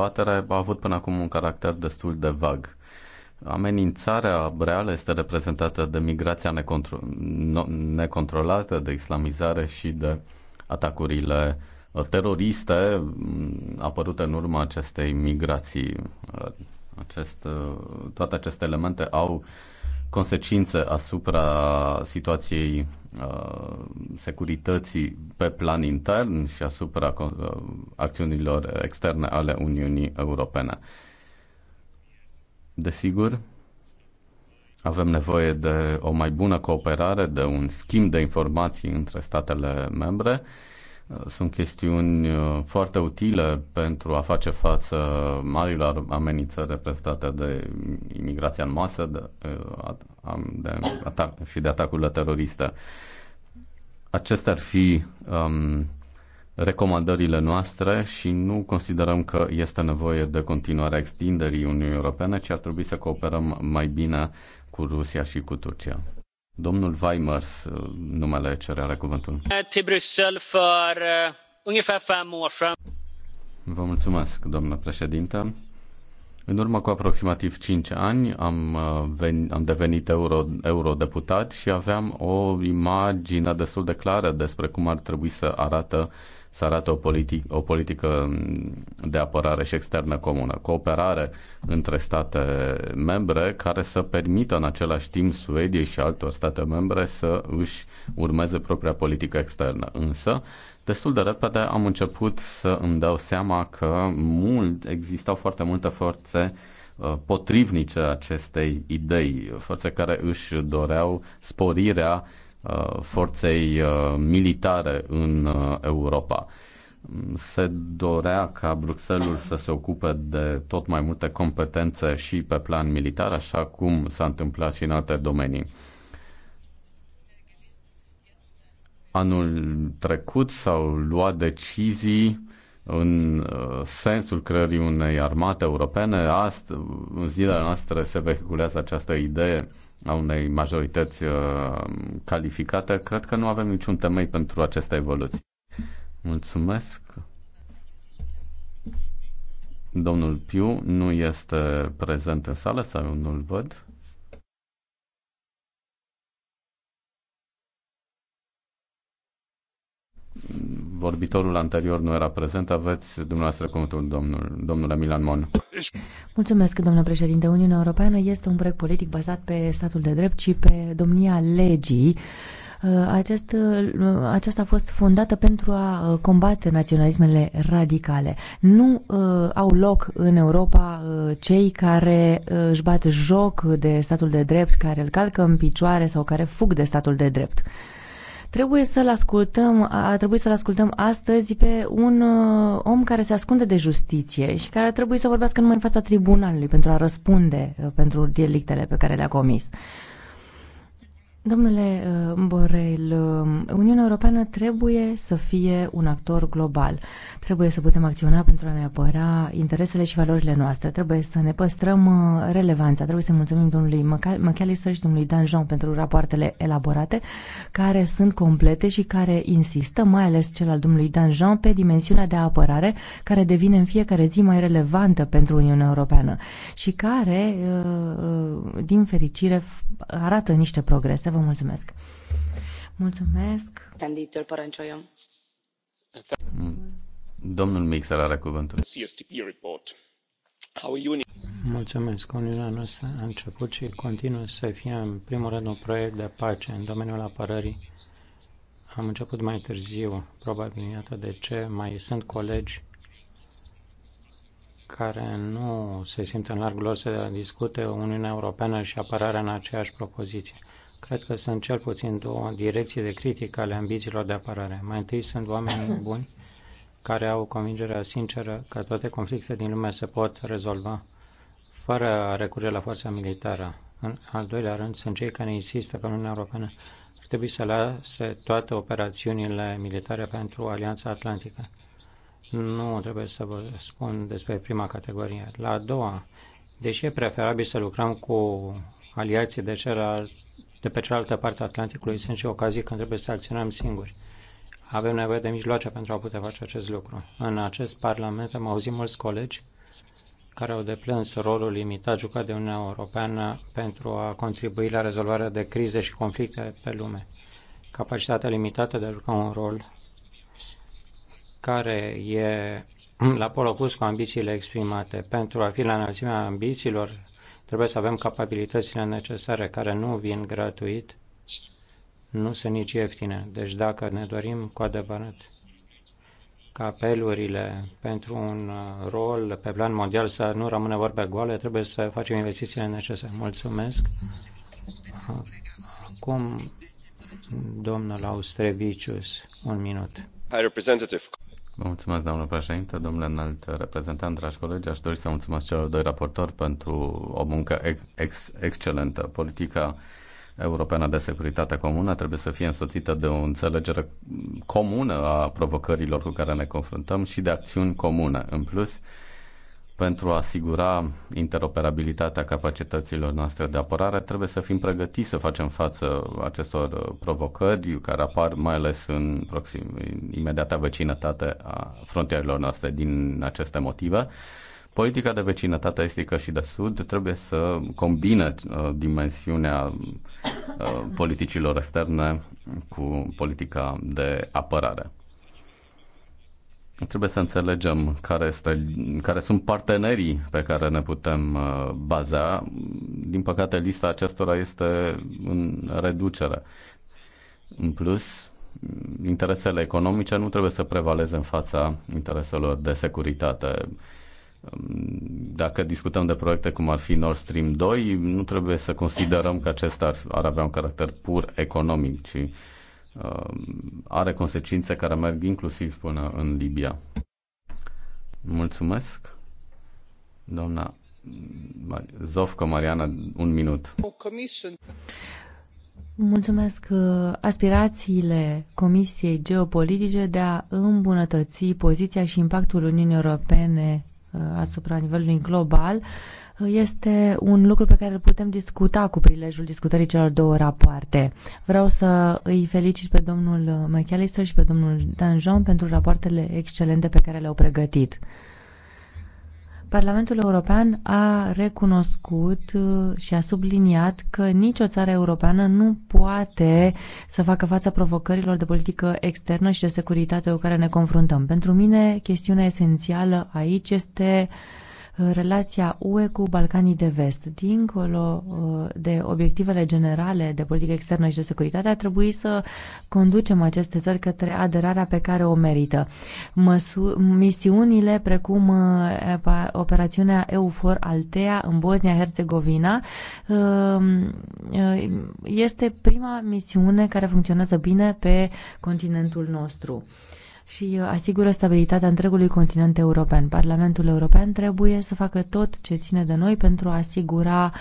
dezbatere a avut până acum un caracter destul de vag. Amenințarea reală este reprezentată de migrația necontro- necontrolată, de islamizare și de atacurile uh, teroriste mm, apărute în urma acestei migrații. Uh, acest, uh, toate aceste elemente au consecințe asupra situației uh, securității pe plan intern și asupra uh, acțiunilor externe ale Uniunii Europene. Desigur, avem nevoie de o mai bună cooperare, de un schimb de informații între statele membre sunt chestiuni uh, foarte utile pentru a face față marilor amenințări reprezentate de imigrația în masă de, uh, de atac, și de atacurile teroriste. Acestea ar fi um, recomandările noastre și nu considerăm că este nevoie de continuarea extinderii Uniunii Europene, ci ar trebui să cooperăm mai bine cu Rusia și cu Turcia. Domnul Weimers, uh, numele cere are cuvântul. Till Bruxelles för uh, ungefär fem år sedan. Vă mulțumesc, doamnă președinte. În urmă cu aproximativ 5 ani am, uh, venit, am devenit euro, eurodeputat și aveam o imagine destul de clară despre cum ar trebui să arată uh, să arate o, politic, o politică de apărare și externă comună, cooperare între state membre care să permită în același timp Suediei și altor state membre să își urmeze propria politică externă. Însă, destul de repede am început să îmi dau seama că mult, existau foarte multe forțe uh, potrivnice acestei idei, forțe care își doreau sporirea Uh, forței uh, militare în uh, Europa. Se dorea ca Bruxelles să se ocupe de tot mai multe competențe și pe plan militar, așa cum s-a întâmplat și în alte domenii. Anul trecut s-au luat decizii în sensul creării unei armate europene. Ast- în zilele noastre se vehiculează această idee a unei majorități uh, calificate, cred că nu avem niciun temei pentru această evoluție. Mulțumesc. Domnul Piu nu este prezent în sală sau eu nu-l văd. Vorbitorul anterior nu era prezent. Aveți dumneavoastră cuvântul, domnul, domnule Milan Mon. Mulțumesc, domnule președinte. Uniunea Europeană este un proiect politic bazat pe statul de drept și pe domnia legii. Uh, acest, uh, aceasta a fost fondată pentru a uh, combate naționalismele radicale. Nu uh, au loc în Europa uh, cei care uh, își bat joc de statul de drept, care îl calcă în picioare sau care fug de statul de drept. Uh, Trebuie să-l ascultăm, a trebuit să-l ascultăm astăzi pe un uh, om care se ascunde de justiție și care trebuie să vorbească numai în fața tribunalului pentru a răspunde uh, pentru delictele pe care le-a comis. Domnule uh, Borel, uh, Uniunea Europeană trebuie să fie un actor global. Trebuie să putem acționa pentru a ne apăra interesele și valorile noastre. Trebuie să ne păstrăm uh, relevanța. Trebuie să mulțumim domnului McAllister și domnului Danjon pentru rapoartele elaborate, care sunt complete și care insistă, mai ales cel al domnului Danjon, pe dimensiunea de apărare, care devine în fiecare zi mai relevantă pentru Uniunea Europeană și care, din fericire, arată niște progrese Vă mulțumesc! Mulțumesc! Domnul Mixer are cuvântul. Mulțumesc. Uniunea noastră a început și continuă să fie în primul rând un proiect de pace în domeniul apărării. Am început mai târziu, probabil iată de ce mai sunt colegi care nu se simt în larg lor să discute Uniunea Europeană și apărarea în aceeași propoziție. Cred că sunt cel puțin două direcții de critică ale ambițiilor de apărare. Mai întâi sunt oameni buni care au convingerea sinceră că toate conflictele din lume se pot rezolva fără a recurge la forța militară. În al doilea rând, sunt cei care insistă că Uniunea Europeană ar trebui să lase toate operațiunile militare pentru Alianța Atlantică. Nu trebuie să vă spun despre prima categorie. La a doua, deși e preferabil să lucrăm cu aliații de, celălalt, de pe cealaltă parte a Atlanticului sunt și ocazii când trebuie să acționăm singuri. Avem nevoie de mijloace pentru a putea face acest lucru. În acest Parlament am auzit mulți colegi care au deplâns rolul limitat jucat de Uniunea Europeană pentru a contribui la rezolvarea de crize și conflicte pe lume. Capacitatea limitată de a juca un rol care e la pol opus cu ambițiile exprimate. Pentru a fi la înălțimea ambițiilor, Trebuie să avem capabilitățile necesare care nu vin gratuit, nu sunt nici ieftine. Deci dacă ne dorim cu adevărat ca apelurile pentru un uh, rol pe plan mondial să nu rămână vorbe goale, trebuie să facem investițiile necesare. Mulțumesc. Acum, domnul Austrevicius, un minut. Vă mulțumesc, doamnă președinte, domnule înalt reprezentant, dragi colegi. Aș dori să mulțumesc celor doi raportori pentru o muncă ex- excelentă. Politica europeană de securitate comună trebuie să fie însoțită de o înțelegere comună a provocărilor cu care ne confruntăm și de acțiuni comune. În plus, pentru a asigura interoperabilitatea capacităților noastre de apărare, trebuie să fim pregătiți să facem față acestor uh, provocări care apar mai ales în proxim, imediata vecinătate a frontierelor noastre din aceste motive. Politica de vecinătate estică și de sud trebuie să combine uh, dimensiunea uh, politicilor externe cu politica de apărare. Trebuie să înțelegem care, este, care sunt partenerii pe care ne putem uh, baza. Din păcate, lista acestora este în reducere. În plus, interesele economice nu trebuie să prevaleze în fața intereselor de securitate. Um, dacă discutăm de proiecte cum ar fi Nord Stream 2, nu trebuie să considerăm că acesta ar, avea un caracter pur economic, ci Um, are consecințe care merg inclusiv până în Libia. Mulțumesc, doamna Zofco Mariana, un minut. Mulțumesc. Uh, aspirațiile Comisiei Geopolitice de a îmbunătăți poziția și impactul Uniunii Europene uh, asupra nivelului global uh, este un lucru pe care îl putem discuta cu prilejul discutării celor două rapoarte. Vreau să îi felicit pe domnul McAllister și pe domnul Danjon pentru rapoartele excelente pe care le-au pregătit. Parlamentul European a recunoscut uh, și a subliniat că nicio țară europeană nu poate să facă fața provocărilor de politică externă și de securitate cu care ne confruntăm. Pentru mine, chestiunea esențială aici este uh, relația UE cu Balcanii de Vest. Dincolo uh, de obiectivele generale de politică externă și de securitate, a trebuit să conducem aceste țări către aderarea pe care o merită. Măsu- misiunile precum uh, operațiunea EUFOR Altea în Bosnia-Herzegovina um, uh, este prima misiune care funcționează bine pe continentul nostru și uh, asigură stabilitatea întregului continent european. Parlamentul European trebuie să facă tot ce ține de noi pentru a asigura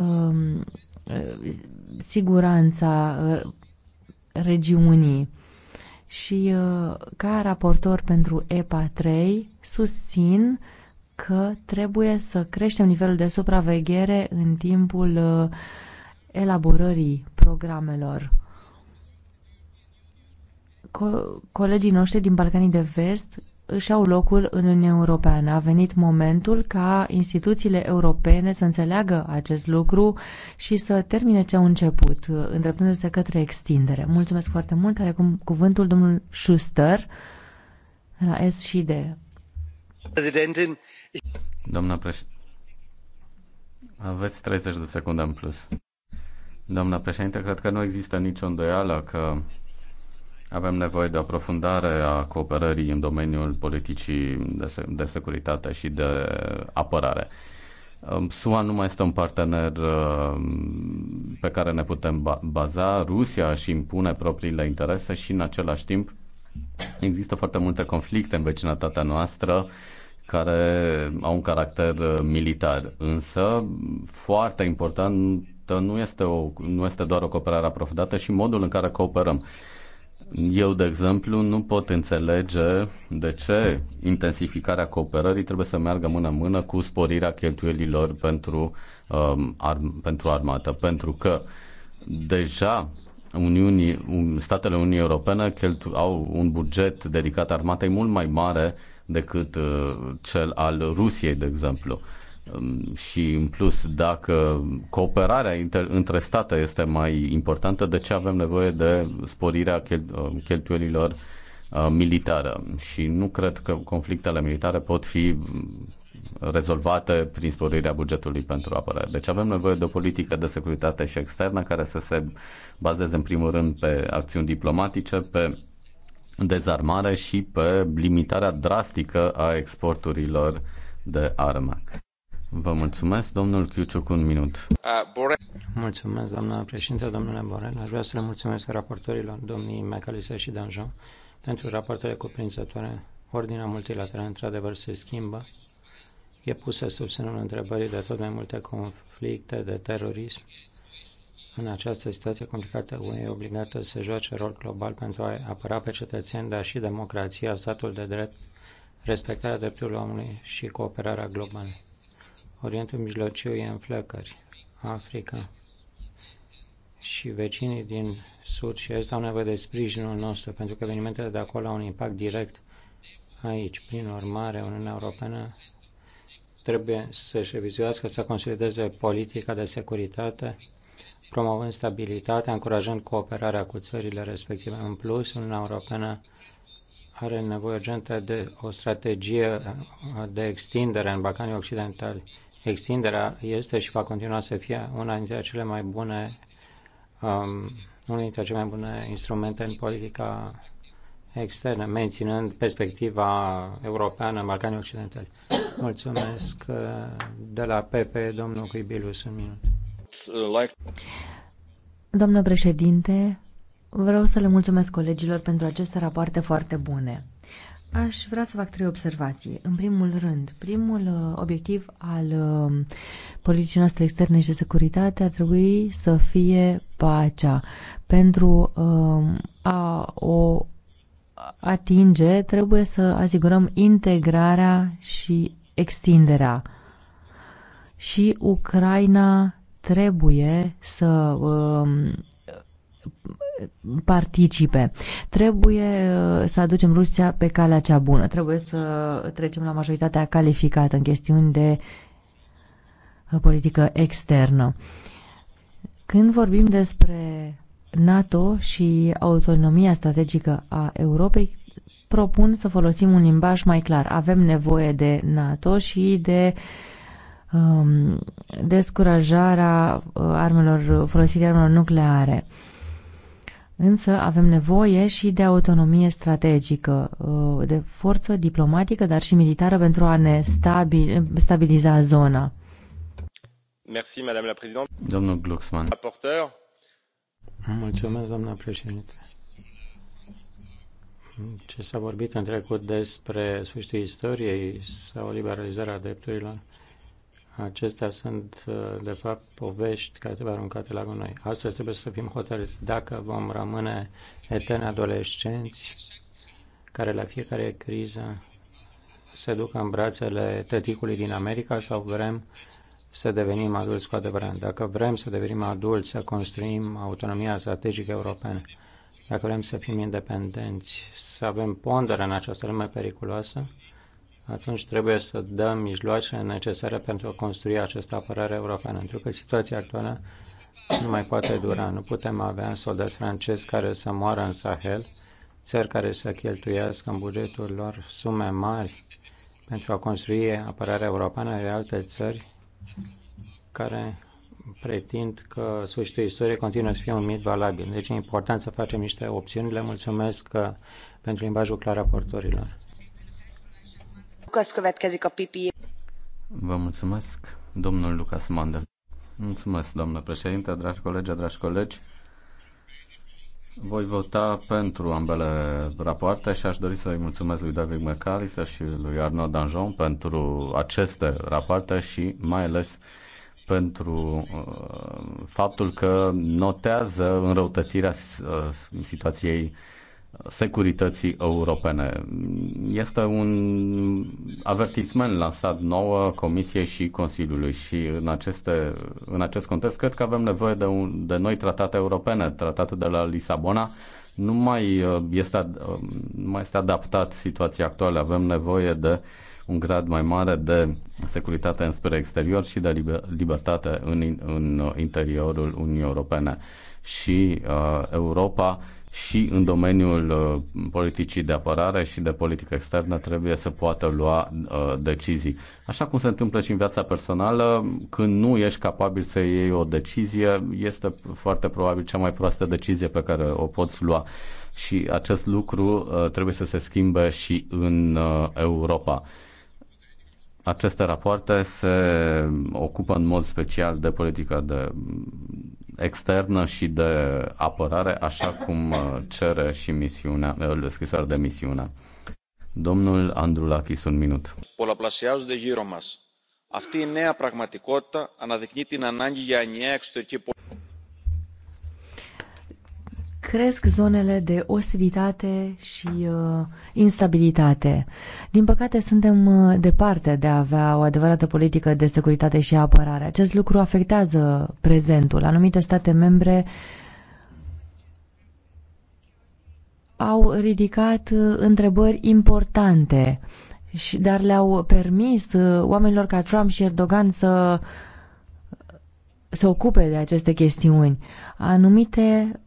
um, uh, siguranța uh, regiunii și ca raportor pentru EPA 3 susțin că trebuie să creștem nivelul de supraveghere în timpul elaborării programelor co- colegii noștri din Balcanii de Vest își au locul în Uniunea Europeană. A venit momentul ca instituțiile europene să înțeleagă acest lucru și să termine ce au început, îndreptându-se către extindere. Mulțumesc foarte mult. Are acum cuvântul domnul Schuster la S și D. Doamna președinte, aveți 30 de secunde în plus. Doamna președinte, cred că nu există nicio îndoială că avem nevoie de aprofundare a cooperării în domeniul politicii de, de securitate și de apărare. Um, SUA nu mai este un partener um, pe care ne putem baza. Rusia își impune propriile interese și în același timp există foarte multe conflicte în vecinătatea noastră care au un caracter uh, militar. Însă, foarte important, nu este, o, nu este doar o cooperare aprofundată și modul în care cooperăm. Eu, de exemplu, nu pot înțelege de ce intensificarea cooperării trebuie să meargă mână-mână cu sporirea cheltuielilor pentru, um, ar, pentru armată, pentru că deja Uniunii, statele Unii Europene cheltu- au un buget dedicat armatei mult mai mare decât uh, cel al Rusiei, de exemplu. Uh, Um, și în plus dacă cooperarea inter- între state este mai importantă, de ce avem nevoie de sporirea chel- uh, cheltuielilor uh, militară și nu cred că conflictele militare pot fi um, rezolvate prin sporirea bugetului pentru apărare. Deci avem nevoie de o politică de securitate și externă care să se bazeze în primul rând pe acțiuni diplomatice, pe dezarmare și pe limitarea drastică a exporturilor de arme. Vă mulțumesc, domnul Chiuciuc, un minut. Mulțumesc, doamna președinte, domnule Borel. Aș vrea să le mulțumesc raportorilor, domnii McAllister și Danjean, pentru raportele cuprinzătoare. Ordinea multilaterală, într-adevăr, se schimbă. E pusă sub semnul întrebării de tot mai multe conflicte, de terorism. În această situație complicată, UE e obligată să joace rol global pentru a apăra pe cetățeni, dar și democrația, statul de drept, respectarea drepturilor omului și cooperarea globală. Orientul Mijlociu e în flăcări. Africa și vecinii din sud și est au nevoie de sprijinul nostru, pentru că evenimentele de acolo au un impact direct aici. Prin urmare, Uniunea Europeană trebuie să-și revizuiască, să consolideze politica de securitate, promovând stabilitatea, încurajând cooperarea cu țările respective. În plus, Uniunea Europeană are nevoie urgentă de o strategie de extindere în Balcanii Occidentali Extinderea este și va continua să fie una dintre cele mai bune, um, unul dintre cele mai bune instrumente în politica externă, menținând perspectiva europeană în Balcanii Occidentali. Mulțumesc uh, de la PP, domnul Cuibilus, un minut. Domnule președinte, vreau să le mulțumesc colegilor pentru aceste rapoarte foarte bune. Aș vrea să fac trei observații. În primul rând, primul uh, obiectiv al um, politicii noastre externe și de securitate ar trebui să fie pacea. Pentru um, a o atinge, trebuie să asigurăm integrarea și extinderea. Și Ucraina trebuie să um, participe. Trebuie uh, să aducem Rusia pe calea cea bună. Trebuie să trecem la majoritatea calificată în chestiuni de uh, politică externă. Când vorbim despre NATO și autonomia strategică a Europei, propun să folosim un limbaj mai clar. Avem nevoie de NATO și de um, descurajarea uh, armelor, folosirii armelor nucleare. Uh, Însă avem nevoie și de autonomie strategică, uh, de forță diplomatică, dar și militară pentru a ne stabi stabiliza zona. Merci, Madame la Présidente. Domnul Glucksmann. Rapporteur. Mulțumesc, doamna președinte. Ce s-a vorbit în trecut despre sfârșitul istoriei sau liberalizarea drepturilor Acestea sunt, uh, de fapt, povești care trebuie aruncate la noi. Astăzi trebuie să fim hotărâți dacă vom rămâne eterni adolescenți care la fiecare criză se duc în brațele tăticului din America sau vrem să devenim adulți cu adevărat. Dacă vrem să devenim adulți, să construim autonomia strategică europeană, dacă vrem să fim independenți, să avem pondere în această lume periculoasă, atunci trebuie să dăm mijloacele necesare pentru a construi această apărare europeană, pentru că situația actuală nu mai poate dura. Nu putem avea un soldat francez care să moară în Sahel, țări care să cheltuiască în bugetul lor sume mari pentru a construi apărarea europeană iar alte țări care pretind că sfârșitul istoriei continuă să fie un mit valabil. Deci e important să facem niște opțiuni. Le mulțumesc uh, pentru limbajul clar raportorilor. Lucas következik a PPE. Vă mulțumesc, domnul Lucas Mandel. Mulțumesc, doamnă președinte, dragi colegi, dragi colegi. Voi vota pentru ambele rapoarte și aș dori să-i mulțumesc lui David McAllister și lui Arnaud Danjon pentru aceste rapoarte și mai ales pentru uh, faptul că notează înrăutățirea uh, situației securității europene. Este un avertisment lansat nouă Comisie și Consiliului și în, aceste, în acest context cred că avem nevoie de, un, de noi tratate europene. Tratatul de la Lisabona nu mai uh, este, uh, nu mai este adaptat situației actuale. Avem nevoie de un grad mai mare de securitate înspre exterior și de liber, libertate în, în interiorul Uniunii Europene. Și uh, Europa și în domeniul uh, politicii de apărare și de politică externă trebuie să poată lua uh, decizii. Așa cum se întâmplă și în viața personală, când nu ești capabil să iei o decizie, este foarte probabil cea mai proastă decizie pe care o poți lua. Și acest lucru uh, trebuie să se schimbe și în Europa. Aceste rapoarte se ocupă în mod special de politica de externă și de apărare, așa cum uh, cere și misiunea, uh, scrisoarea de misiune. Domnul Andrulakis, un minut. Πολλαπλασιάζονται γύρω μας. Αυτή η νέα πραγματικότητα αναδεικνύει την ανάγκη για ενιαία εξωτερική cresc zonele de ostilitate și uh, instabilitate. Din păcate, suntem uh, departe de a avea o adevărată politică de securitate și apărare. Acest lucru afectează prezentul. Anumite state membre au ridicat uh, întrebări importante, dar le-au permis uh, oamenilor ca Trump și Erdogan să se ocupe de aceste chestiuni. Anumite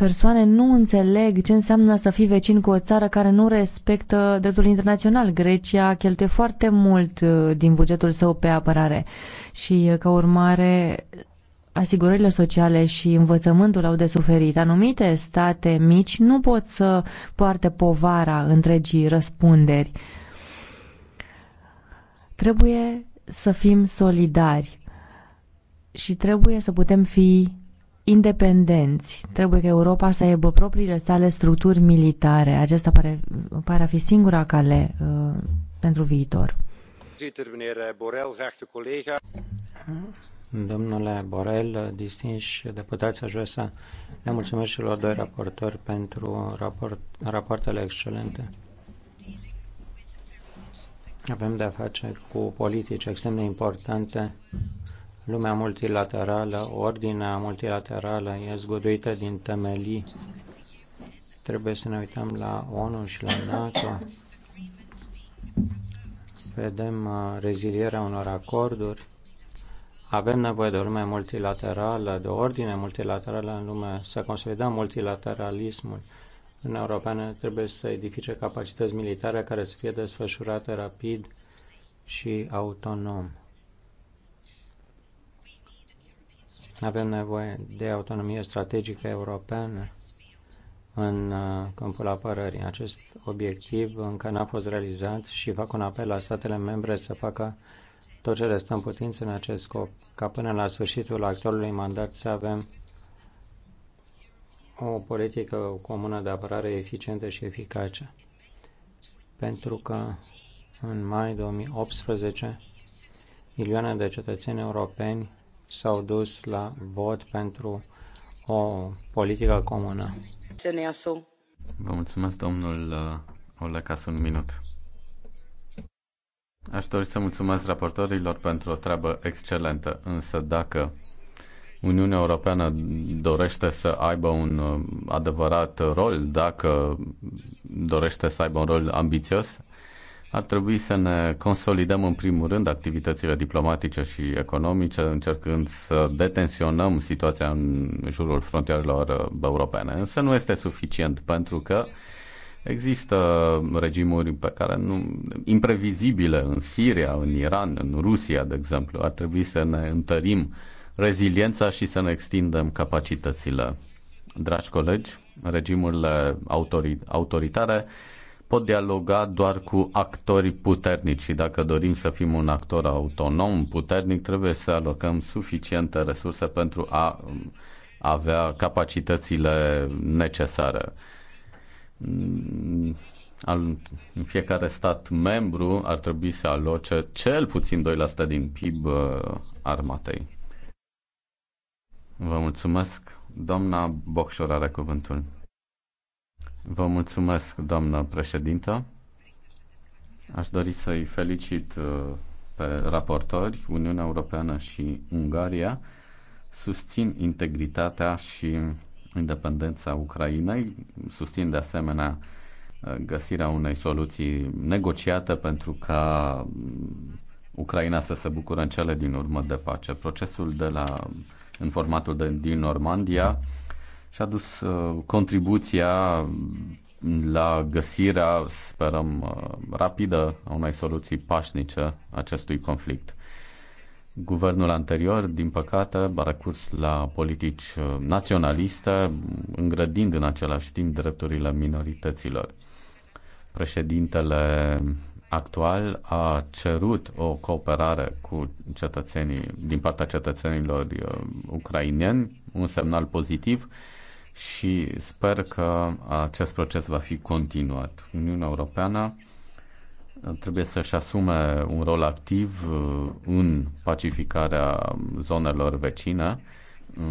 persoane nu înțeleg ce înseamnă să fii vecin cu o țară care nu respectă dreptul internațional. Grecia cheltuie foarte mult uh, din bugetul său pe apărare și, uh, ca urmare, asigurările sociale și învățământul au de suferit. Anumite state mici nu pot să poarte povara întregii răspunderi. Trebuie să fim solidari și trebuie să putem fi independenți. Trebuie ca Europa să aibă propriile sale structuri militare. Aceasta pare, pare a fi singura cale uh, pentru viitor. Domnule Borel, distinși deputați, aș vrea să le mulțumesc celor doi raportori pentru raport, rapoartele excelente. Avem de-a face cu politici extrem de importante Lumea multilaterală, ordinea multilaterală e zguduită din temelii. Trebuie să ne uităm la ONU și la NATO. Vedem uh, rezilierea unor acorduri. Avem nevoie de o lume multilaterală, de o ordine multilaterală în lume, să consolidăm multilateralismul. În Europeană trebuie să edifice capacități militare care să fie desfășurate rapid și autonom. Avem nevoie de autonomie strategică europeană în uh, câmpul apărării. Acest obiectiv încă n-a fost realizat și fac un apel la statele membre să facă tot ce le stă în putință în acest scop, ca până la sfârșitul actualului mandat să avem o politică comună de apărare eficientă și eficace. Pentru că în mai 2018, milioane de cetățeni europeni s-au dus la vot pentru o politică comună. Vă mulțumesc, domnul uh, Oleca, un minut. Aș dori să mulțumesc raportorilor pentru o treabă excelentă, însă dacă Uniunea Europeană dorește să aibă un uh, adevărat rol, dacă dorește să aibă un rol ambițios, ar trebui să ne consolidăm în primul rând activitățile diplomatice și economice, încercând să detensionăm situația în jurul frontierelor europene. Însă nu este suficient pentru că există regimuri pe care nu, imprevizibile în Siria, în Iran, în Rusia, de exemplu. Ar trebui să ne întărim reziliența și să ne extindem capacitățile. Dragi colegi, regimurile autori, autoritare pot dialoga doar cu actori puternici și dacă dorim să fim un actor autonom, puternic, trebuie să alocăm suficiente resurse pentru a um, avea capacitățile necesare. Mm, în fiecare stat membru ar trebui să aloce cel puțin 2% din PIB uh, armatei. Vă mulțumesc. Doamna Bocșor are cuvântul. Vă mulțumesc, doamnă președintă. Aș dori să-i felicit uh, pe raportori, Uniunea Europeană și Ungaria susțin integritatea și independența Ucrainei, susțin de asemenea uh, găsirea unei soluții negociate pentru ca Ucraina să se bucure în cele din urmă de pace. Procesul de la, în formatul de, din Normandia și-a dus uh, contribuția la găsirea, sperăm, uh, rapidă a unei soluții pașnice acestui conflict. Guvernul anterior, din păcate, a recurs la politici uh, naționaliste, îngrădind în același timp drepturile minorităților. Președintele actual a cerut o cooperare cu cetățenii, din partea cetățenilor ucraineni, un semnal pozitiv, și sper că acest proces va fi continuat. Uniunea Europeană uh, trebuie să-și asume un rol activ uh, în pacificarea zonelor vecine,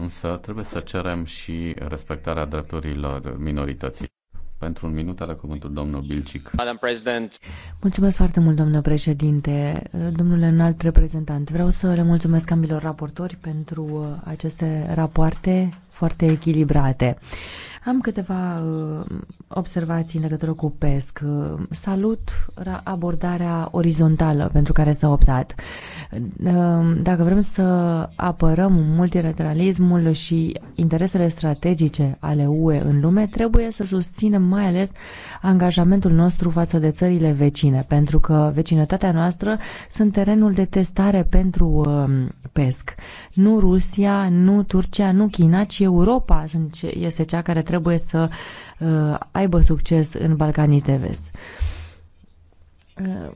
însă trebuie să cerem și respectarea drepturilor minorității. Pentru un minut are cuvântul domnul Bilcic. Mulțumesc foarte mult, domnule președinte. Domnule înalt reprezentant, vreau să le mulțumesc ambilor raportori pentru uh, aceste rapoarte foarte echilibrate. Am câteva uh, observații în legătură cu PESC. Salut abordarea orizontală pentru care s-a optat. Uh, dacă vrem să apărăm multilateralismul și interesele strategice ale UE în lume, trebuie să susținem mai ales angajamentul nostru față de țările vecine, pentru că vecinătatea noastră sunt terenul de testare pentru um, pesc. Nu Rusia, nu Turcia, nu China, ci Europa este cea care trebuie să uh, aibă succes în Balcanii de Vest uh,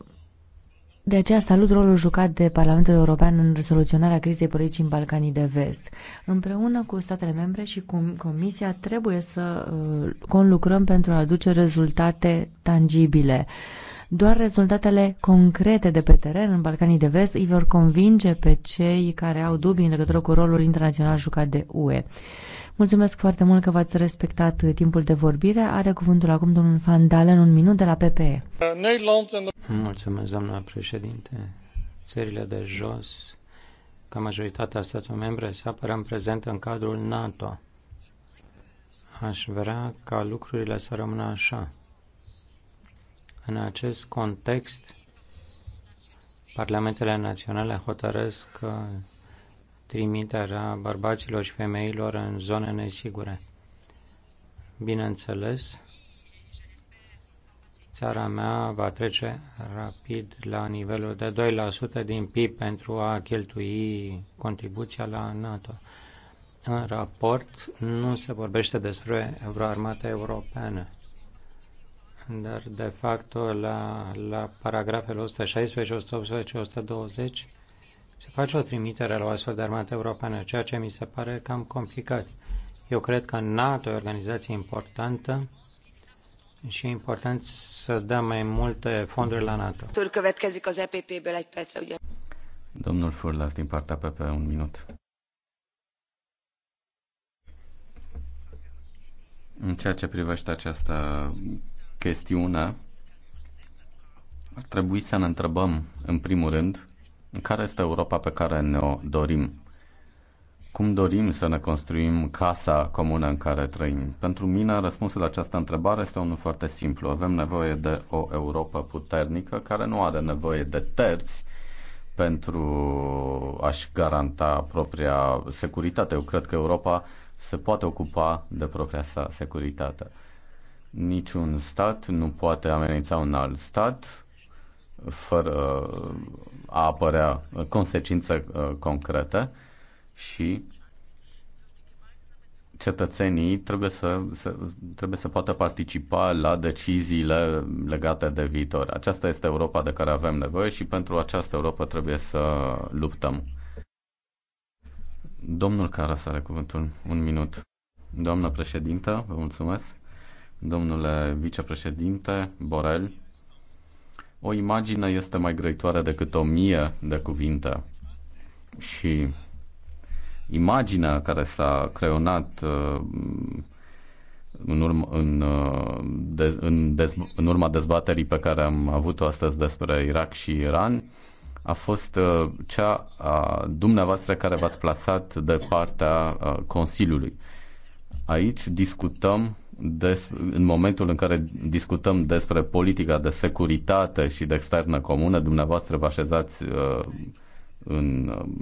de aceea salut rolul jucat de Parlamentul European în soluționarea crizei politici în Balcanii de Vest. Împreună cu statele membre și cu Comisia trebuie să uh, conlucrăm pentru a aduce rezultate tangibile. Doar rezultatele concrete de pe teren în Balcanii de Vest îi vor convinge pe cei care au dubii în legătură cu rolul internațional jucat de UE. Mulțumesc foarte mult că v-ați respectat timpul de vorbire. Are cuvântul acum domnul Van Dalen, un minut de la PPE. Mulțumesc, doamna președinte. Țările de jos, ca majoritatea statelor membre, se apără în prezent în cadrul NATO. Aș vrea ca lucrurile să rămână așa. În acest context, parlamentele naționale hotărăsc trimiterea bărbaților și femeilor în zone nesigure. Bineînțeles, țara mea va trece rapid la nivelul de 2% din PIB pentru a cheltui contribuția la NATO. În raport nu se vorbește despre vreo armată europeană, dar de fapt la, la paragrafele 116, 118, 120 se face o trimitere la o astfel de armată europeană, ceea ce mi se pare cam complicat. Eu cred că NATO e o organizație importantă și e important să dea mai multe fonduri la NATO. Domnul Furlas, din partea PP, un minut. În ceea ce privește această chestiune, ar trebui să ne întrebăm, în primul rând, care este Europa pe care ne-o dorim? Cum dorim să ne construim casa comună în care trăim? Pentru mine, răspunsul la această întrebare este unul foarte simplu. Avem nevoie de o Europa puternică care nu are nevoie de terți pentru a-și garanta propria securitate. Eu cred că Europa se poate ocupa de propria sa securitate. Niciun stat nu poate amenința un alt stat fără a apărea consecințe uh, concrete și cetățenii trebuie să, să, trebuie să poată participa la deciziile legate de viitor. Aceasta este Europa de care avem nevoie și pentru această Europa trebuie să luptăm. Domnul Caras are cuvântul. Un minut. Doamnă președintă, vă mulțumesc. Domnule vicepreședinte Borel, o imagine este mai grăitoare decât o mie de cuvinte și imaginea care s-a creonat uh, în, urma, în, uh, în, dez, în urma dezbaterii pe care am avut-o astăzi despre Irak și Iran a fost uh, cea a dumneavoastră care v-ați plasat de partea Consiliului. Aici discutăm des, în momentul în care discutăm despre politica de securitate și de externă comună, dumneavoastră vă așezați uh, în, uh,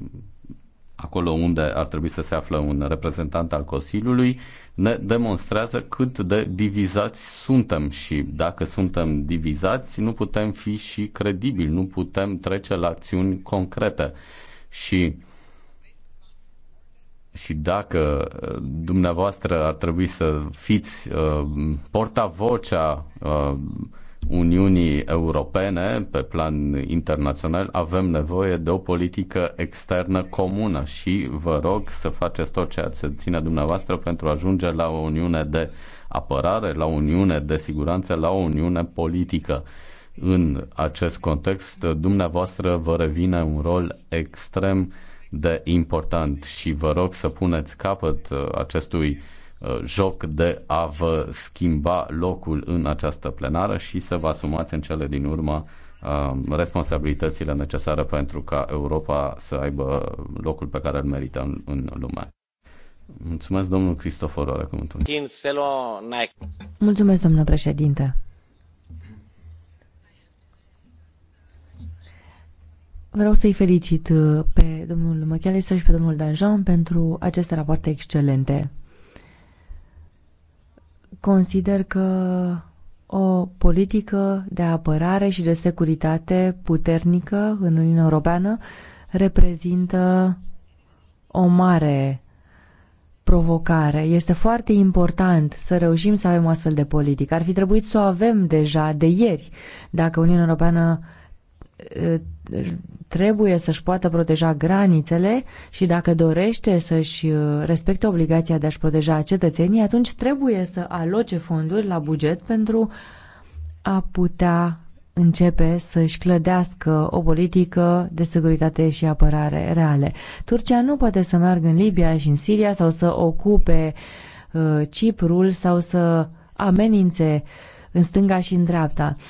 acolo unde ar trebui să se află un reprezentant al Consiliului, ne demonstrează cât de divizați suntem și dacă suntem divizați, nu putem fi și credibili, nu putem trece la acțiuni concrete. Și uh, și dacă uh, dumneavoastră ar trebui să fiți uh, portavocea uh, Uniunii Europene pe plan internațional, avem nevoie de o politică externă comună și vă rog să faceți tot ceea ce ține dumneavoastră pentru a ajunge la o Uniune de apărare, la o Uniune de siguranță, la o Uniune politică. În acest context, dumneavoastră vă revine un rol extrem de important și vă rog să puneți capăt uh, acestui uh, joc de a vă schimba locul în această plenară și să vă asumați în cele din urmă um, responsabilitățile necesare pentru ca Europa să aibă locul pe care îl merită în, în lume. Mulțumesc, domnul Cristofor, are Mulțumesc, domnule președinte. Vreau să-i felicit uh, pe domnul McAllister și pe domnul Danjean pentru aceste rapoarte excelente. Consider că o politică de apărare și de securitate puternică în Uniunea Europeană reprezintă o mare provocare. Este foarte important să reușim să avem o astfel de politică. Ar fi trebuit să o avem deja de ieri, dacă Uniunea Europeană trebuie să-și poată proteja granițele și dacă dorește să-și uh, respecte obligația de a-și proteja cetățenii, atunci trebuie să aloce fonduri la buget pentru a putea începe să-și clădească o politică de securitate și apărare reale. Turcia nu poate să meargă în Libia și în Siria sau să ocupe uh, Ciprul sau să amenințe în stânga și în dreapta. Uh,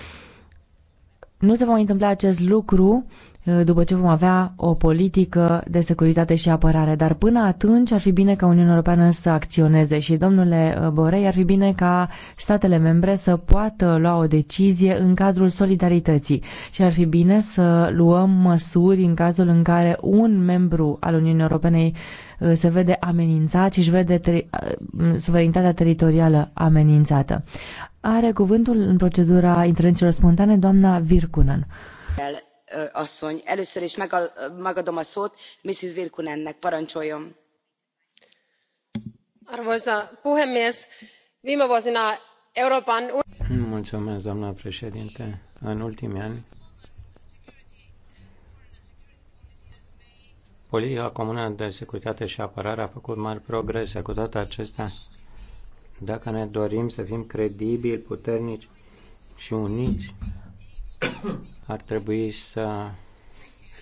nu se va întâmpla acest lucru uh, după ce vom avea o politică de securitate și apărare. Dar până atunci ar fi bine ca Uniunea Europeană să acționeze și, domnule uh, Borei, ar fi bine ca statele membre să poată lua o decizie în cadrul solidarității și ar fi bine să luăm măsuri în cazul în care un membru al Uniunii Europene Uh, se vede amenințat și își vede teri, uh, mm, suverenitatea teritorială amenințată. Are cuvântul în procedura intervențiilor spontane doamna Virkunen. Uh, asszony, először is megadom a szót Mrs. Virkunennek, parancsoljon. Arvoisa puhemies, viime vuosina Euroopan... Mulțumesc, doamna președinte. În ultimii ani, Politica comună de securitate și apărare a făcut mari progrese. Cu toate acestea, dacă ne dorim să fim credibili, puternici și uniți, ar trebui să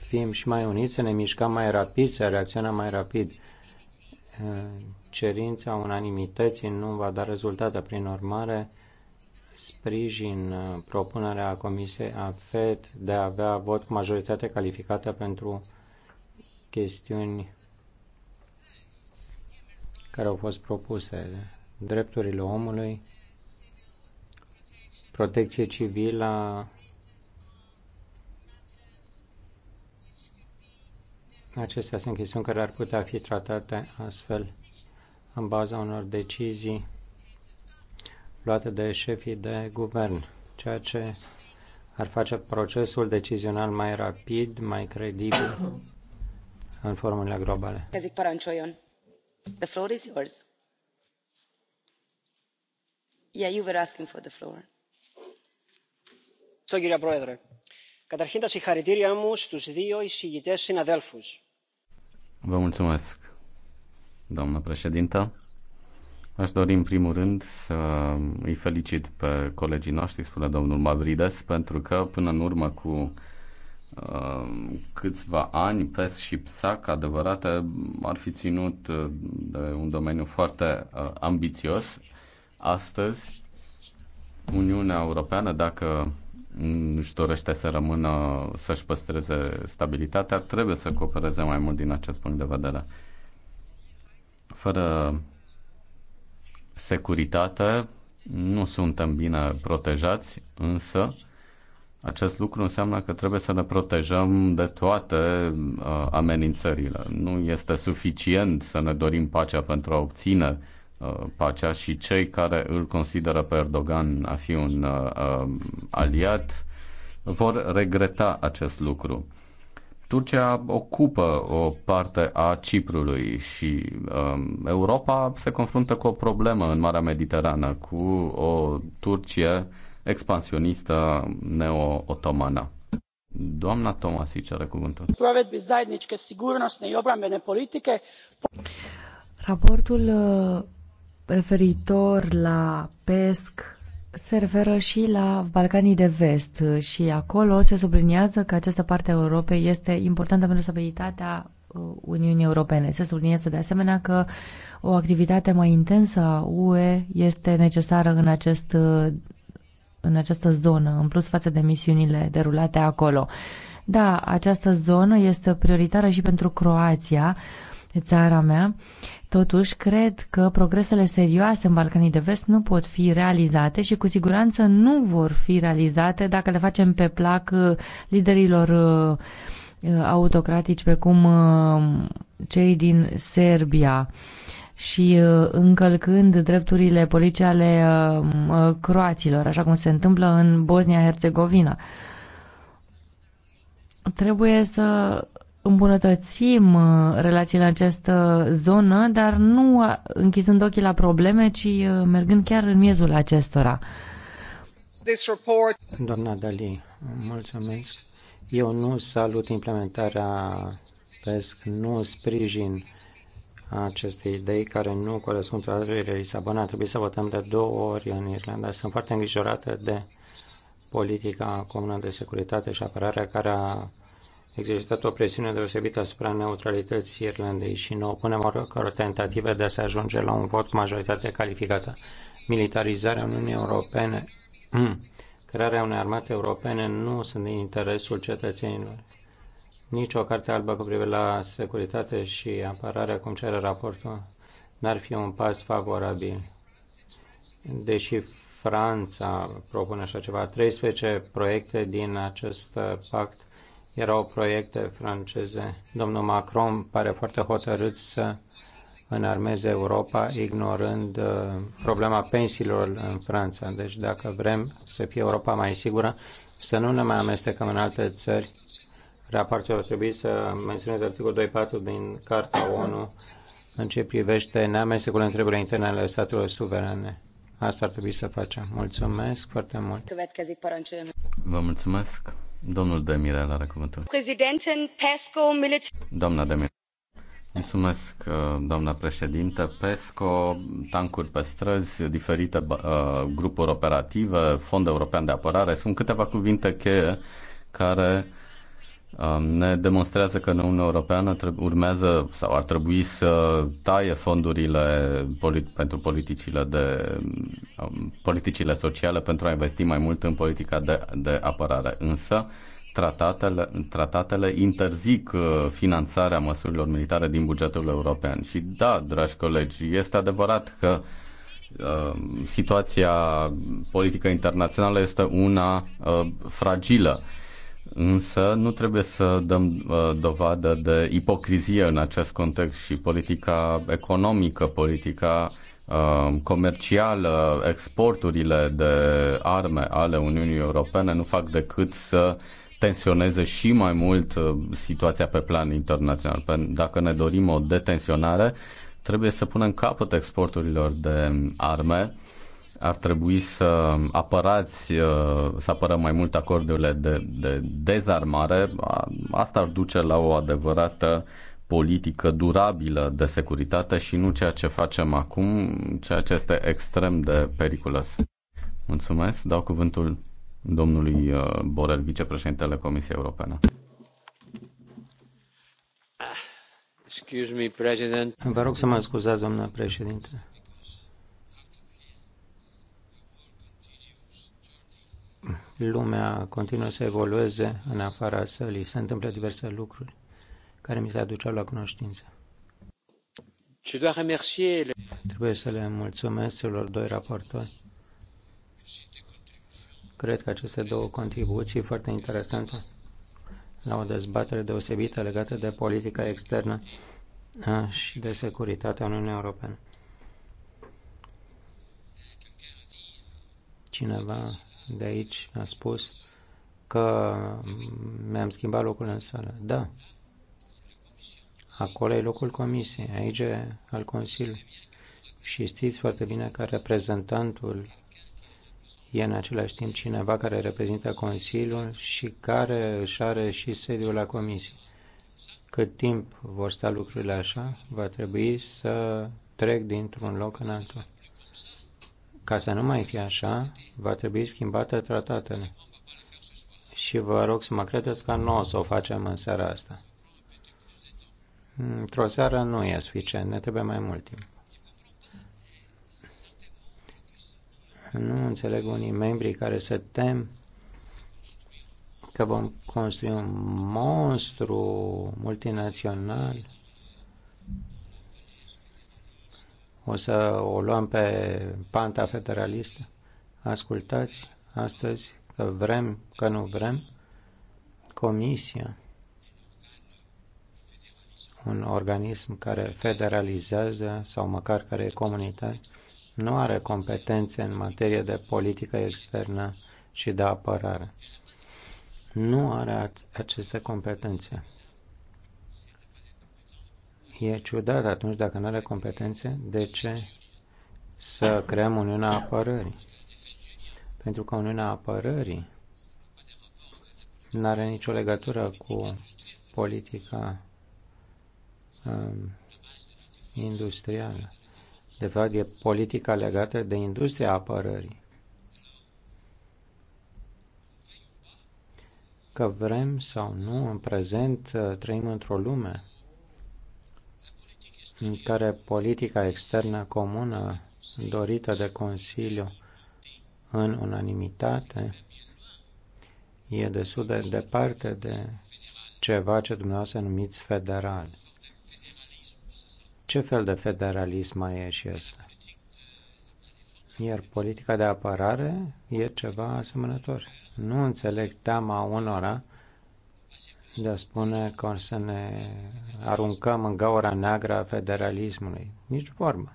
fim și mai uniți, să ne mișcăm mai rapid, să reacționăm mai rapid. Cerința unanimității nu va da rezultate. Prin urmare, sprijin propunerea Comisiei AFET de a avea vot cu majoritate calificată pentru chestiuni care au fost propuse. Drepturile omului, protecție civilă, Acestea sunt chestiuni care ar putea fi tratate astfel în baza unor decizii luate de șefii de guvern, ceea ce ar face procesul decizional mai rapid, mai credibil în formurile globale. The floor is yours. Yeah, you were asking for the floor. Vă mulțumesc, doamnă președintă. Aș dori în primul rând să îi felicit pe colegii noștri, spune domnul Mavrides, pentru că până în urmă cu câțiva ani PES și PSAC adevărate ar fi ținut uh, de un domeniu foarte uh, ambițios. Astăzi, Uniunea Europeană, dacă își dorește să rămână, să-și păstreze stabilitatea, trebuie să coopereze mai mult din acest punct de vedere. Fără securitate, nu suntem bine protejați, însă acest lucru înseamnă că trebuie să ne protejăm de toate uh, amenințările. Nu este suficient să ne dorim pacea pentru a obține uh, pacea și cei care îl consideră pe Erdogan a fi un uh, uh aliat vor regreta acest lucru. Turcia ocupă o parte a Ciprului și uh, Europa se confruntă cu o problemă în Marea Mediterană, cu o Turcie uh, expansionistă neo-otomană. Doamna Tomasić are cuvântul. Raportul uh, referitor la PESC se referă și la Balcanii de Vest uh, și acolo se subliniază că această parte a Europei este importantă pentru stabilitatea uh, Uniunii Europene. Se subliniază de asemenea că o activitate mai intensă a UE este necesară în acest în această zonă, în plus față de misiunile derulate acolo. Da, această zonă este prioritară și pentru Croația, țara mea. Totuși, cred că progresele serioase în Balcanii de Vest nu pot fi realizate și cu siguranță nu vor fi realizate dacă le facem pe plac uh, liderilor uh, autocratici precum uh, cei din Serbia și uh, încălcând drepturile politice ale uh, uh, croaților, așa cum se întâmplă în Bosnia-Herzegovina. Trebuie să îmbunătățim relațiile în această zonă, dar nu închizând ochii la probleme, ci mergând chiar în miezul acestora. Doamna Dali, mulțumesc. Eu nu salut implementarea PESC, nu sprijin acestei idei care nu corespund tratatului de Lisabona. Trebuie să votăm de două ori în Irlanda. Sunt foarte îngrijorată de politica comună de securitate și apărare care a existat o presiune deosebită asupra neutralității Irlandei și ne opunem oricăror tentative de a se ajunge la un vot majoritate calificată. Militarizarea Uniunii Europene, crearea unei armate europene nu sunt din interesul cetățenilor nici o carte albă cu privire la securitate și apărare, cum cere raportul, n-ar fi un pas favorabil. Deși Franța propune așa ceva, 13 proiecte din acest pact erau proiecte franceze. Domnul Macron pare foarte hotărât să înarmeze Europa, ignorând uh, problema pensiilor în Franța. Deci dacă vrem să fie Europa mai sigură, să nu ne mai amestecăm în alte țări raportul ar trebui să menționez articolul 2.4 din Carta ONU în ce privește neamestecul întrebările interne ale statelor suverane. Asta ar trebui să facem. Mulțumesc foarte mult. Vă mulțumesc. Domnul Demirel are cuvântul. PESCO, military... Doamna Demirel. Mulțumesc, uh, doamna președinte. PESCO, tancuri pe străzi, diferite uh, grupuri operative, Fond European de Apărare, sunt câteva cuvinte cheie care Um, ne demonstrează că Uniunea Europeană urmează sau ar trebui să taie fondurile polit- pentru politicile, de, um, politicile sociale pentru a investi mai mult în politica de, de apărare. Însă, tratatele, tratatele interzic uh, finanțarea măsurilor militare din bugetul european. Și da, dragi colegi, este adevărat că uh, situația politică internațională este una uh, fragilă Însă nu trebuie să dăm uh, dovadă de ipocrizie în acest context și politica economică, politica uh, comercială, exporturile de arme ale Uniunii Europene nu fac decât să tensioneze și mai mult uh, situația pe plan internațional. Dacă ne dorim o detensionare, trebuie să punem capăt exporturilor de arme ar trebui să apărați, uh, să apărăm mai mult acordurile de, de dezarmare. Asta ar duce la o adevărată politică durabilă de securitate și nu ceea ce facem acum, ceea ce este extrem de periculos. Mulțumesc. Dau cuvântul domnului uh, Borel, vicepreședintele Comisiei Europene. Excuse me, President. Vă rog să mă scuzați, domnule președinte. lumea continuă să evolueze în afara sălii. Se întâmplă diverse lucruri care mi se aduceau la cunoștință. Trebuie să le mulțumesc celor doi raportori. Cred că aceste două contribuții foarte interesante la o dezbatere deosebită legată de politica externă și de securitatea Uniunii Europene. Cineva de aici a spus că mi-am schimbat locul în sală. Da. Acolo e locul comisiei, aici e al Consiliului. Și știți foarte bine că reprezentantul e în același timp cineva care reprezintă Consiliul și care își are și sediul la comisie. Cât timp vor sta lucrurile așa, va trebui să trec dintr-un loc în altul. Ca să nu mai fie așa, va trebui schimbate tratatele. Și vă rog să mă credeți că nu o să o facem în seara asta. Într-o seară nu e suficient, ne trebuie mai mult timp. Nu înțeleg unii membri care se tem că vom construi un monstru multinațional o să o luăm pe panta federalistă. Ascultați astăzi că vrem, că nu vrem, Comisia, un organism care federalizează sau măcar care e comunitar, nu are competențe în materie de politică externă și de apărare. Nu are aceste competențe. E ciudat atunci dacă nu are competențe, de ce să creăm Uniunea Apărării? Pentru că Uniunea Apărării nu are nicio legătură cu politica um, industrială. De fapt, e politica legată de industria apărării. Că vrem sau nu, în prezent uh, trăim într-o lume în care politica externă comună dorită de Consiliu în unanimitate e destul de departe de ceva ce dumneavoastră numiți federal. Ce fel de federalism mai e și ăsta? Iar politica de apărare e ceva asemănător. Nu înțeleg teama unora de a spune că o să ne aruncăm în gaura neagră a federalismului. Nici vorbă.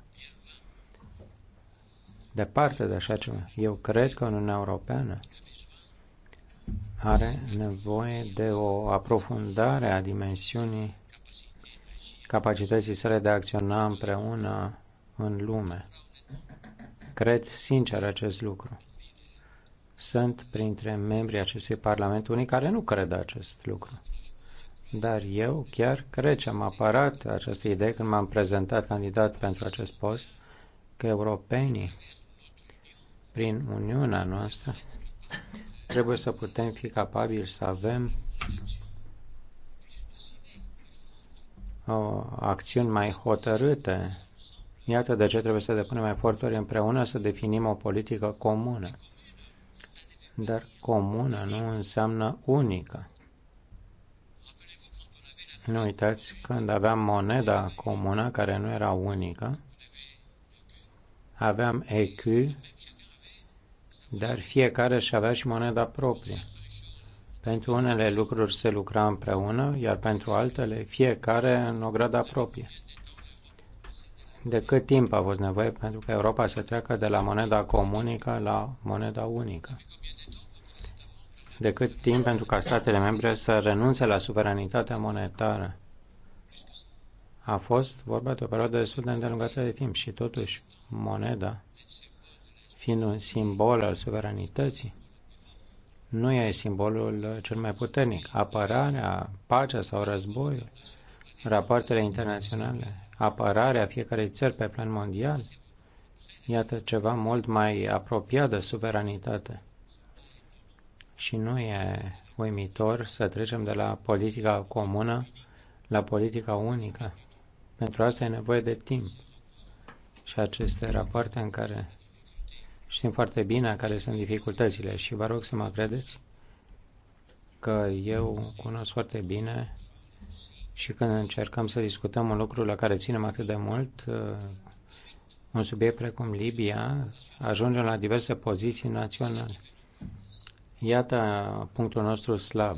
Departe de așa ceva. Eu cred că Uniunea Europeană are nevoie de o aprofundare a dimensiunii capacității sale de a acționa împreună în lume. Cred sincer acest lucru. Sunt printre membrii acestui Parlament unii care nu cred acest lucru. Dar eu chiar cred și am apărat această idee când m-am prezentat candidat pentru acest post, că europenii, prin Uniunea noastră, trebuie să putem fi capabili să avem o acțiuni mai hotărâte. Iată de ce trebuie să depunem eforturi împreună să definim o politică comună dar comună nu înseamnă unică. Nu uitați, când aveam moneda comună, care nu era unică, aveam EQ, dar fiecare și avea și moneda proprie. Pentru unele lucruri se lucra împreună, iar pentru altele fiecare în ograda proprie de cât timp a fost nevoie pentru că Europa să treacă de la moneda comunică la moneda unică. De cât timp pentru ca statele membre să renunțe la suveranitatea monetară. A fost vorba de o perioadă destul de îndelungată de timp și totuși moneda, fiind un simbol al suveranității, nu e simbolul cel mai puternic. Apărarea, pacea sau războiul, rapoartele internaționale apărare a fiecarei țări pe plan mondial, iată ceva mult mai apropiat de suveranitate. Și nu e uimitor să trecem de la politica comună la politica unică. Pentru asta e nevoie de timp. Și aceste rapoarte în care știm foarte bine care sunt dificultățile și vă rog să mă credeți că eu cunosc foarte bine și când încercăm să discutăm un lucru la care ținem atât de mult, uh, un subiect precum Libia, ajungem la diverse poziții naționale. Iată punctul nostru slab.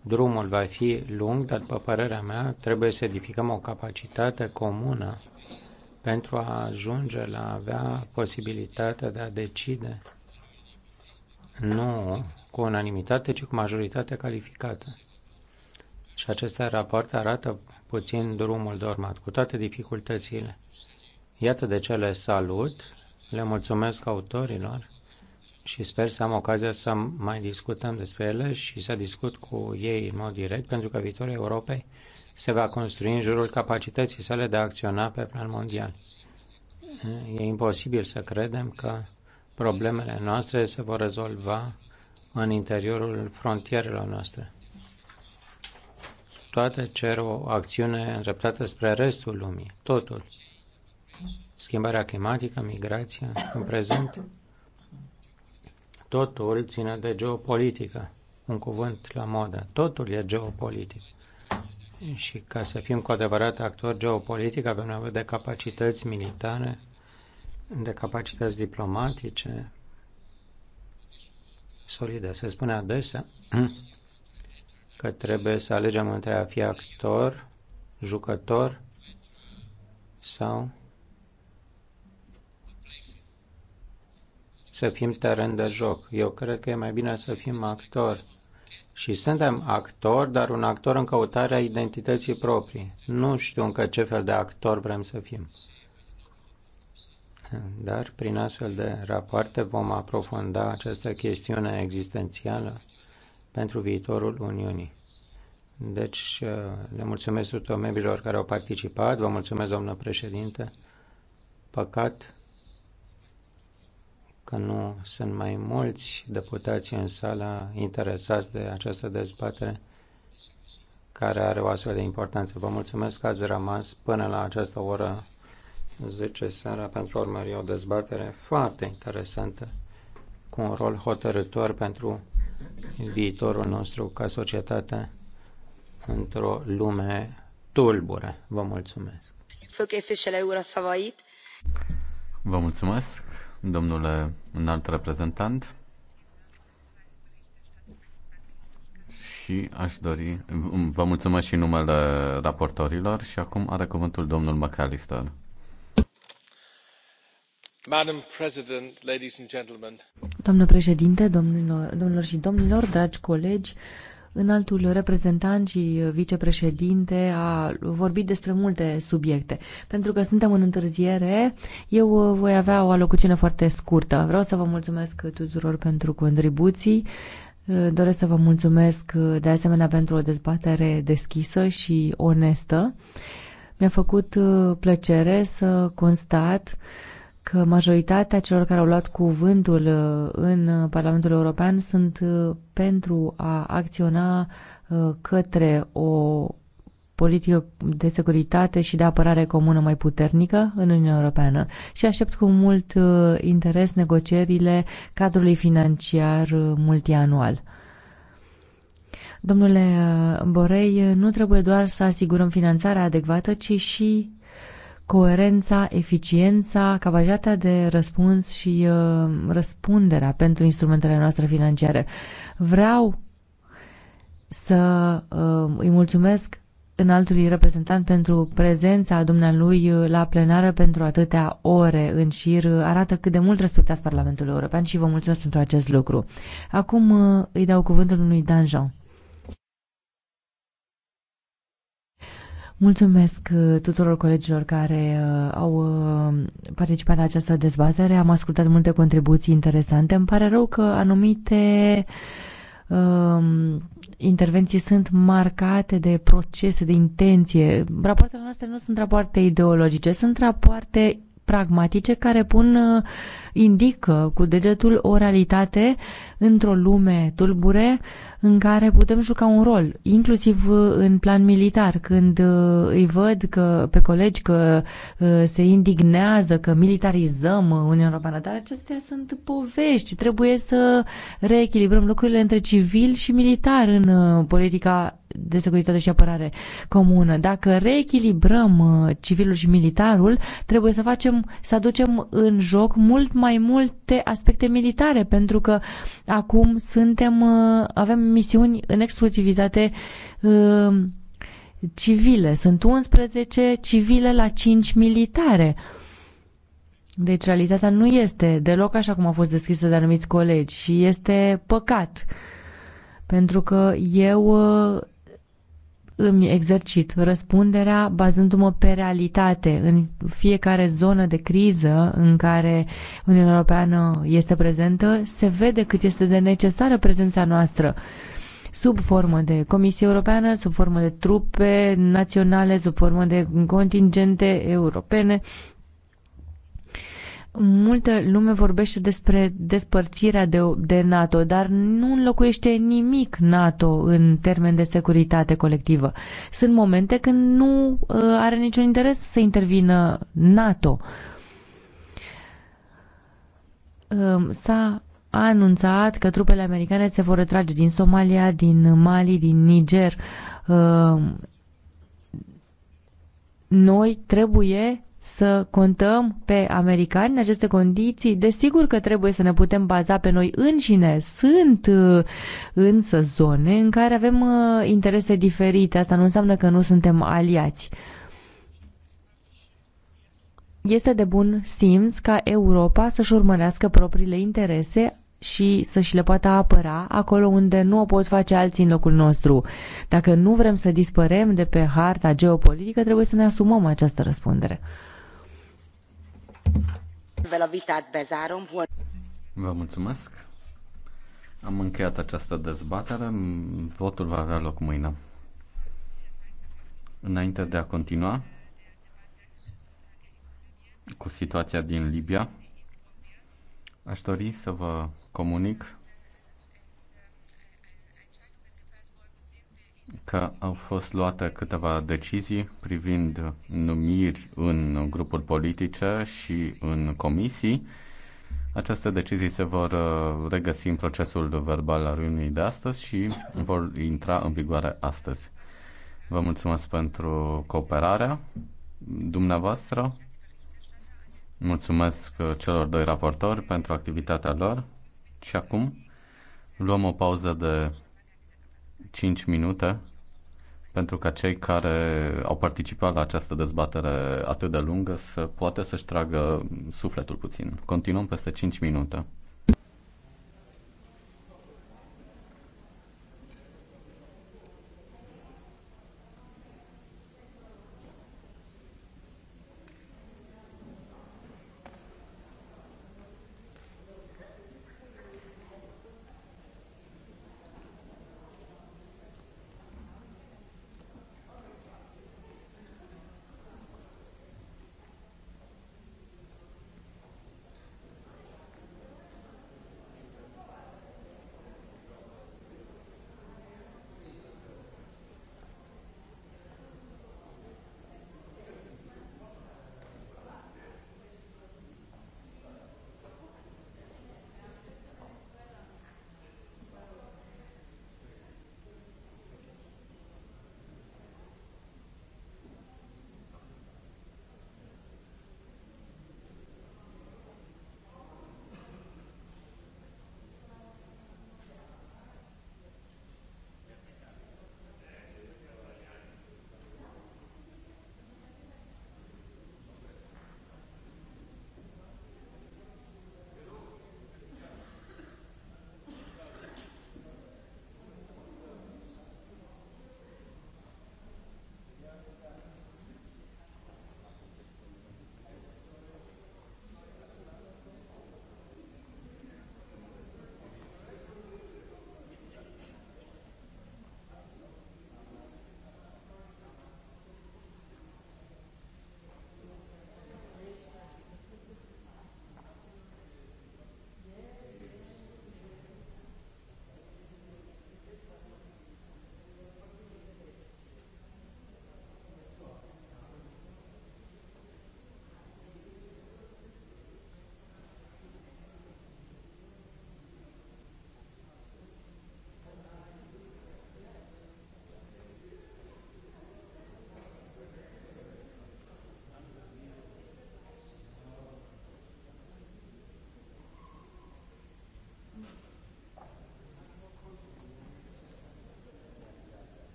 Drumul va fi lung, dar, după părerea mea, trebuie să edificăm o capacitate comună pentru a ajunge la a avea posibilitatea de a decide nu cu unanimitate, ci cu majoritate calificată și aceste rapoarte arată puțin drumul de urmat, cu toate dificultățile. Iată de ce le salut, le mulțumesc autorilor și sper să am ocazia să mai discutăm despre ele și să discut cu ei în mod direct, pentru că viitorul Europei se va construi în jurul capacității sale de a acționa pe plan mondial. E imposibil să credem că problemele noastre se vor rezolva în interiorul frontierelor noastre toate cer o acțiune îndreptată spre restul lumii. Totul. Schimbarea climatică, migrația, în prezent, totul ține de geopolitică. Un cuvânt la modă. Totul e geopolitic. Și ca să fim cu adevărat actori geopolitic, avem nevoie de capacități militare, de capacități diplomatice solide. Se spune adesea că trebuie să alegem între a fi actor, jucător sau să fim teren de joc. Eu cred că e mai bine să fim actor. Și suntem actor, dar un actor în căutarea identității proprii. Nu știu încă ce fel de actor vrem să fim. Dar prin astfel de rapoarte vom aprofunda această chestiune existențială pentru viitorul Uniunii. Deci, uh, le mulțumesc tuturor membrilor care au participat, vă mulțumesc, doamnă președinte. Păcat că nu sunt mai mulți deputați în sala interesați de această dezbatere care are o astfel de importanță. Vă mulțumesc că ați rămas până la această oră 10 seara pentru a urmări o dezbatere foarte interesantă cu un rol hotărător pentru viitorul nostru ca societate într-o lume tulbure. Vă mulțumesc! Vă mulțumesc, domnule înalt reprezentant. Și aș dori, vă mulțumesc și numele raportorilor și acum are cuvântul domnul McAllister. Doamnă președinte, domnilor, domnilor și domnilor, dragi colegi, înaltul reprezentant și vicepreședinte a vorbit despre multe subiecte. Pentru că suntem în întârziere, eu voi avea o alocuțiune foarte scurtă. Vreau să vă mulțumesc tuturor pentru contribuții. Doresc să vă mulțumesc de asemenea pentru o dezbatere deschisă și onestă. Mi-a făcut plăcere să constat uh, că majoritatea celor care au luat cuvântul uh, în uh, Parlamentul European sunt uh, pentru a acționa către o politică de securitate și de apărare comună mai puternică în Uniunea Europeană și aștept cu mult interes negocierile cadrului financiar multianual. Domnule Borei, nu trebuie doar să asigurăm finanțarea adecvată, ci și coerența, eficiența, capacitatea de răspuns și uh, răspunderea pentru instrumentele noastre financiare. Vreau să uh, îi mulțumesc înaltului reprezentant pentru prezența dumnealui uh, la plenară pentru atâtea ore în șir arată cât de mult respectați Parlamentul European și vă mulțumesc pentru acest lucru. Acum uh, îi dau cuvântul lui Jean. Mulțumesc uh, tuturor colegilor care uh, au uh, participat la această dezbatere. Am ascultat multe contribuții interesante. Îmi pare rău că anumite um, intervenții sunt marcate de procese, de intenție. Rapoartele noastre nu sunt rapoarte ideologice, sunt rapoarte pragmatice care pun, uh, indică cu degetul o realitate într-o lume tulbure în care putem juca un rol, inclusiv uh, în plan militar, când uh, îi văd că pe colegi că se indignează că militarizăm Uniunea Europeană, dar acestea sunt povești. Trebuie să reechilibrăm lucrurile între civil și militar în politica de securitate și apărare comună. Dacă reechilibrăm uh, civilul și militarul, trebuie să facem, să aducem în joc mult mai multe aspecte militare, pentru că acum suntem, uh, avem misiuni în exclusivitate uh, civile. Sunt 11 civile la 5 militare. Deci realitatea nu este deloc așa cum a fost deschisă de anumiți colegi și este păcat. Pentru că eu îmi exercit răspunderea bazându-mă pe realitate în fiecare zonă de criză în care Uniunea Europeană este prezentă, se vede cât este de necesară prezența noastră sub formă de Comisie Europeană, sub formă de trupe naționale, sub formă de contingente europene, Multă lume vorbește despre despărțirea de, de NATO, dar nu înlocuiește nimic NATO în termen de securitate colectivă. Sunt momente când nu uh, are niciun interes să intervină NATO. Um, s-a a anunțat că trupele americane se vor retrage din Somalia, din Mali, din Niger. Um, noi trebuie să contăm pe americani în aceste condiții? Desigur că trebuie să ne putem baza pe noi înșine. Sunt uh, însă zone în care avem uh, interese diferite. Asta nu înseamnă că nu suntem aliați. Este de bun simț ca Europa să-și urmărească propriile interese și să-și le poată apăra acolo unde nu o pot face alții în locul nostru. Dacă nu vrem să dispărem de pe harta geopolitică, trebuie să ne asumăm această răspundere. Vă mulțumesc. Am încheiat această dezbatere. Votul va avea loc mâine. Înainte de a continua cu situația din Libia, aș dori să vă comunic că au fost luate câteva decizii privind numiri în grupuri politice și în comisii. Aceste decizii se vor uh, regăsi în procesul verbal al reuniunii de astăzi și vor intra în vigoare astăzi. Vă mulțumesc pentru cooperarea dumneavoastră. Mulțumesc uh, celor doi raportori pentru activitatea lor. Și acum luăm o pauză de 5 minute pentru ca cei care au participat la această dezbatere atât de lungă să poată să-și tragă sufletul puțin. Continuăm peste 5 minute.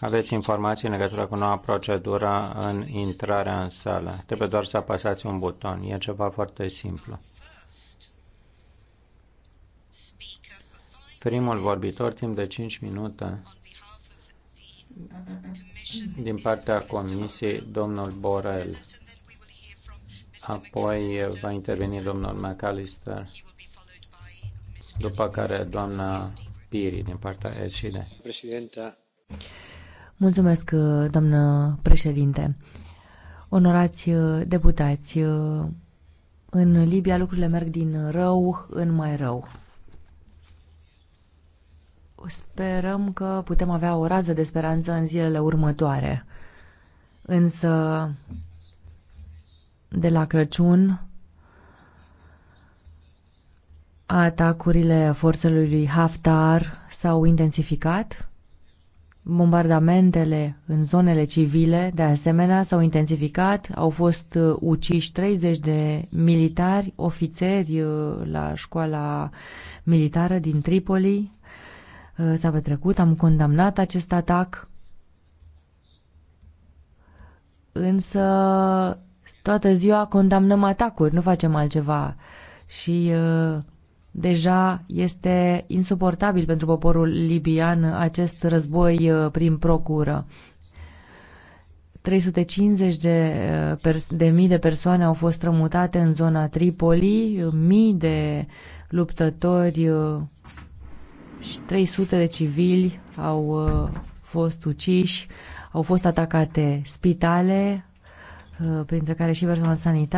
aveți informații în legătură cu noua procedură în intrarea în sală. Trebuie doar să apăsați un buton. E ceva foarte simplu. Primul vorbitor, timp de 5 minute, din partea Comisiei, domnul Borel. Apoi va interveni domnul McAllister, după care doamna Piri din partea SID. Președinte. Mulțumesc, uh, doamnă președinte. Onorați uh, deputați, uh, în Libia lucrurile merg din rău în mai rău. Sperăm că putem avea o rază de speranță în zilele următoare. Însă, de la Crăciun, atacurile forțelor lui Haftar s-au intensificat Bombardamentele în zonele civile, de asemenea, s-au intensificat, au fost uh, uciși 30 de militari, ofițeri uh, la școala militară din Tripoli. Uh, s-a petrecut, am condamnat acest atac, însă toată ziua condamnăm atacuri, nu facem altceva. Și uh, Deja este insuportabil pentru poporul libian acest război uh, prin procură. 350 de, uh, de mii de persoane au fost strămutate în zona Tripoli, mii de luptători uh, și 300 de civili au fost uciși, au fost atacate spitale, printre care și personal sanitar.